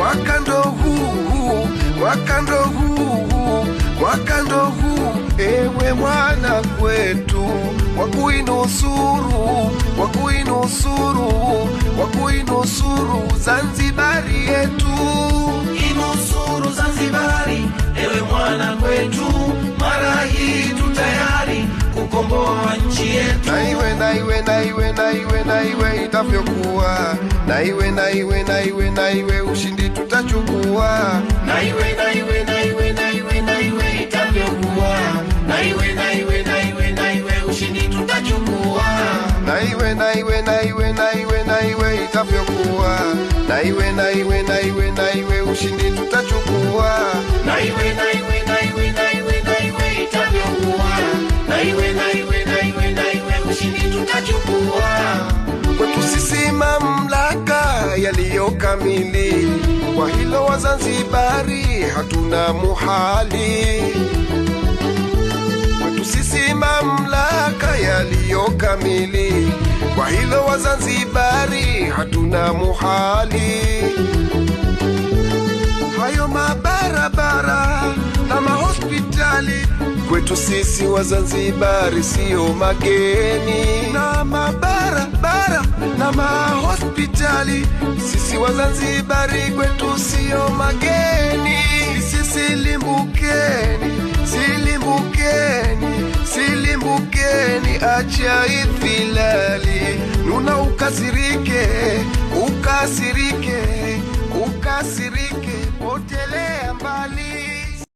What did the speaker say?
mwaka huu, mwaka huu, mwaka huu, ewe mwana kwetu, wakuinusuru, wakuinusuru, wakuinusuru Zanzibari yetu, inusuru Zanzibari, ewe mwana kwetu, mara hii tu tayari kukomboa nchi yetu, na iwe na iwe na iwe na iwe na iwe itavyokuwa na iwe na iwe na iwe na iwe ushindi tutachukua na iwe na iwe na iwe na iwe na iwe itavyokuwa na iwe na iwe na iwe na iwe ushindi tutachukua na iwe na iwe na iwe na iwe na iwe itavyokuwa na iwe na iwe na iwe na iwe ushindi tutachukua na iwe na iwe na iwe na iwe na iwe itavyokuwa na iwe na iwe na iwe na iwe ushindi tutachukua yaliyo kamili. Kwa hilo Wazanzibari hatuna muhali, kwetu sisi mamlaka yaliyo kamili. Kwa hilo Wazanzibari hatuna muhali. Hayo mabarabara na mahospitali kwetu sisi Wazanzibari siyo mageni na mbali, sisi Wazanzibari kwetu sio mageni. Sisi silimbukeni, silimbukeni, silimbukeni, acha ifilali, nuna ukasirike, ukasirike, ukasirike, potelea mbali.